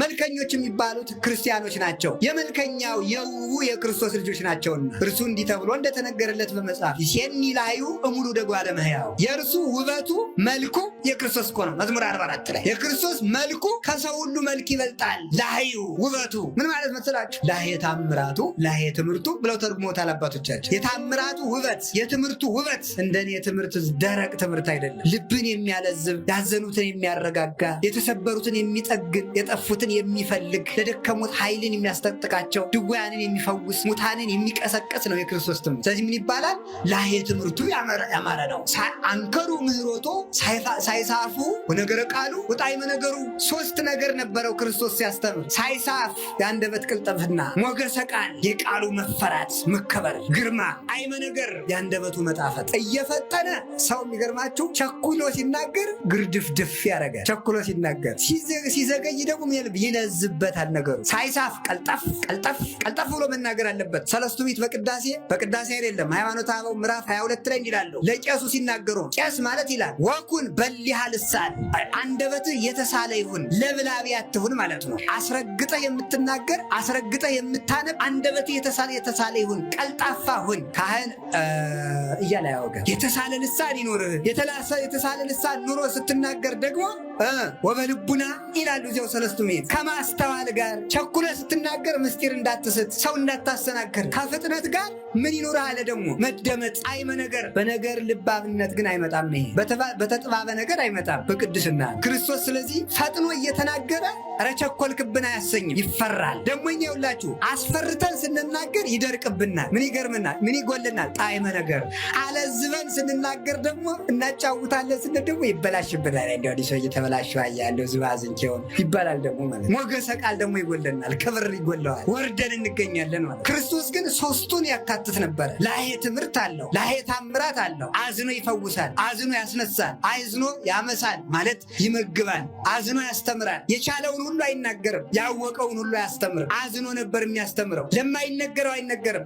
መልከኞች የሚባሉት ክርስቲያኖች ናቸው። የመልከኛው የውቡ የክርስቶስ ልጆች ናቸውና እርሱ እንዲህ ተብሎ እንደተነገረለት በመጽሐፍ ይሴኒ ላዩ እሙሉ ደጓለ እምሕያው የእርሱ ውበቱ መልኩ የክርስቶስ እኮ ነው። መዝሙር 44 ላይ የክርስቶስ መልኩ ከሰው ሁሉ መልክ ይበልጣል። ላዩ ውበቱ ምን ማለት መሰላችሁ? ላየ ታምራቱ ላየ ትምህርቱ ብለው ተርጉሞታል አባቶቻቸው። የታምራቱ ውበት፣ የትምህርቱ ውበት እንደኔ ትምህርት ደረቅ ትምህርት አይደለም። ልብን የሚያለዝብ ያዘኑትን የሚያረጋጋ የተሰበሩትን የሚጠግን የጠፉት የሞቱትን የሚፈልግ ለደከሙት ኃይልን የሚያስጠጥቃቸው ድውያንን የሚፈውስ ሙታንን የሚቀሰቀስ ነው የክርስቶስ ትምህርት። ስለዚህ ምን ይባላል? ላሄ ትምህርቱ ያማረ ነው። አንከሩ ምህሮቶ ሳይሳፉ ወነገረ ቃሉ ወጣዕመ ነገሩ። ሶስት ነገር ነበረው ክርስቶስ ሲያስተምር፣ ሳይሳፍ የአንደበት ቅልጥፍና፣ ሞገሰ ቃል የቃሉ መፈራት መከበር፣ ግርማ አዕመ ነገር የአንደበቱ መጣፈጥ። እየፈጠነ ሰው የሚገርማችሁ ቸኩሎ ሲናገር ግርድፍድፍ ያደርጋል። ቸኩሎ ሲናገር ሲዘገይ ደግሞ ልብ ይነዝበታል ነገሩ ሳይሳፍ ቀልጠፍ ቀልጠፍ ቀልጠፍ ብሎ መናገር አለበት። ሰለስቱ ምዕት በቅዳሴ በቅዳሴ አይደለም ሃይማኖተ አበው ምዕራፍ 22 ላይ እንዲላሉ ለቄሱ ሲናገሩ ቄስ ማለት ይላል ወኩን በሊሃ ልሳን አንደበትህ የተሳለ ይሁን ለብላቢ አትሁን ማለት ነው። አስረግጠ የምትናገር አስረግጠ የምታነብ አንደበትህ የተሳለ የተሳለ ይሁን ቀልጣፋ ሁን ካህን እያለ ያወገ የተሳለ ልሳን ይኑርህ። የተሳለ ልሳን ኑሮ ስትናገር ደግሞ ወበልቡና ይላሉ እዚያው ሰለስቱ ምዕት ከማስተዋል ጋር ቸኩለ ስትናገር ምስጢር እንዳትስት፣ ሰው እንዳታሰናክር ከፍጥነት ጋር ምን ይኑር አለ ደግሞ መደመጥ አይመ ነገር በነገር ልባብነት ግን አይመጣም። ይሄ በተጥባበ ነገር አይመጣም በቅድስና ክርስቶስ። ስለዚህ ፈጥኖ እየተናገረ ረቸኮልክብን አያሰኝም፣ ይፈራል። ደግሞኛ ይውላችሁ አስፈርተን ስንናገር ይደርቅብናል። ምን ይገርምናል፣ ምን ይጎልናል? ጣይመ ነገር አለዝበን ስንናገር ደግሞ እናጫውታለን፣ ስንል ደግሞ ይበላሽብናል። እንዲያው ሰው እየተበላሸ ያለው ዝባዝንኬውን ይባላል ደግሞ ማለት ሞገሰ ቃል ደግሞ ይጎለናል፣ ክብር ይጎለዋል፣ ወርደን እንገኛለን ማለት። ክርስቶስ ግን ሶስቱን ያካትት ነበረ። ላሄ ትምህርት አለው፣ ላሄ ታምራት አለው። አዝኖ ይፈውሳል፣ አዝኖ ያስነሳል፣ አይዝኖ ያመሳል ማለት ይመግባል፣ አዝኖ ያስተምራል። የቻለውን ሁሉ አይናገርም፣ ያወቀውን ሁሉ አያስተምርም። አዝኖ ነበር የሚያስተምረው፣ ለማይነገረው አይነገርም።